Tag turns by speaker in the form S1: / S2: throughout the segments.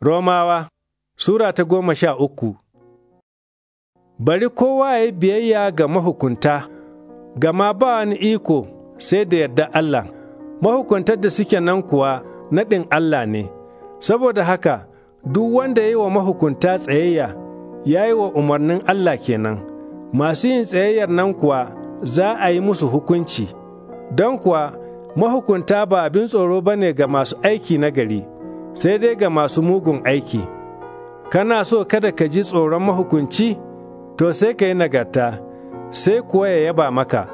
S1: Romawa Sura ta goma sha uku Bari kowa ya biyayya ga mahukunta, gama ba wani iko sai da yarda Allah, mahukuntar da suke nan kuwa naɗin Allah ne, saboda haka duk wanda ya yi wa mahukunta tsayayya ya yi wa umarnin Allah kenan, masu yin tsayayyar nan kuwa za a yi musu hukunci, don kuwa mahukunta ba abin tsoro ba ne ga masu aiki na gari. sai dai ga masu mugun aiki, kana so kada ka ji tsoron mahukunci, to sai ka yi nagarta, sai kuwa ya yaba maka,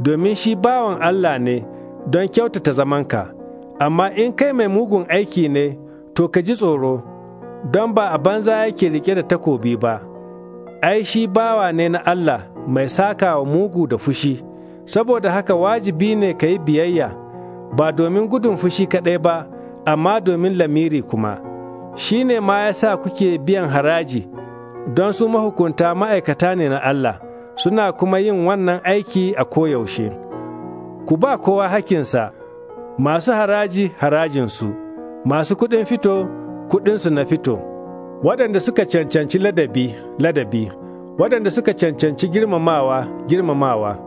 S1: domin shi bawan Allah ne don kyautata zamanka, amma in kai mai mugun aiki ne, to ka ji tsoro, don ba a banza yake rike da takobi ba. ai shi bawa ne na Allah mai saka wa mugu da fushi, saboda haka wajibi ne ka yi biyayya, ba domin gudun fushi kaɗai ba, amma domin lamiri kuma, shi ne ma ya sa kuke biyan haraji, don su mahukunta ma'aikata ne na Allah, suna kuma yin wannan aiki a koyaushe. Ku ba kowa hakinsa, masu haraji harajinsu, masu kuɗin fito, kuɗinsu na fito, waɗanda suka cancanci ladabi, ladabi, waɗanda suka cancanci girmamawa, girmamawa.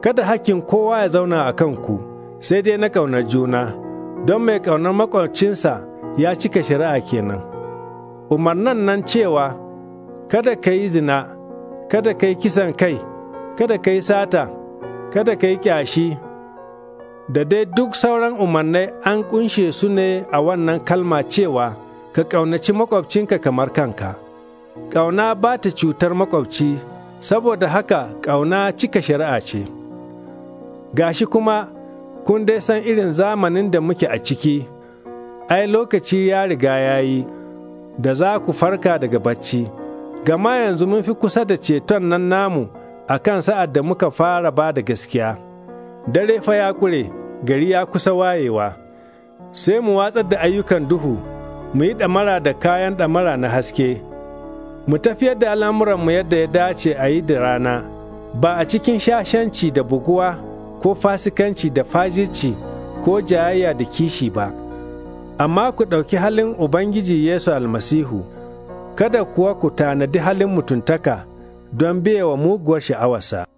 S1: Kada hakkin kowa ya zauna a kanku, sai dai na ƙaunar juna. don mai ƙaunar makwabcinsa ya cika shari'a kenan. Umarnan nan cewa, Kada ka yi zina, kada ka yi kisan kai, kada ka yi sata, kada ka yi ƙyashi, da dai duk sauran umarnai an ƙunshe su ne a wannan kalma cewa, Ka ƙaunaci makwabcinka kamar kanka. Ƙauna ba ta cutar makwabci, saboda haka ƙauna cika shari'a ce. Gashi kuma kun dai san irin zamanin da muke a ciki, ai lokaci ya riga ya yi, da za ku farka daga bacci, gama yanzu mun fi kusa da ceton nan namu a kan sa'ad da muka fara ba da gaskiya. Dare fa ya kure, gari ya kusa wayewa, sai mu watsar da ayyukan duhu, mu yi ɗamara da kayan ɗamara na haske, mu tafiyar da al'amuranmu yadda ya dace a yi da rana, ba a cikin shashanci da buguwa. ko fasikanci da fajirci ko jayayya da kishi ba, amma ku ɗauki halin Ubangiji Yesu almasihu, kada kuwa ku tanadi halin mutuntaka don biya wa muguwar sha'awarsa.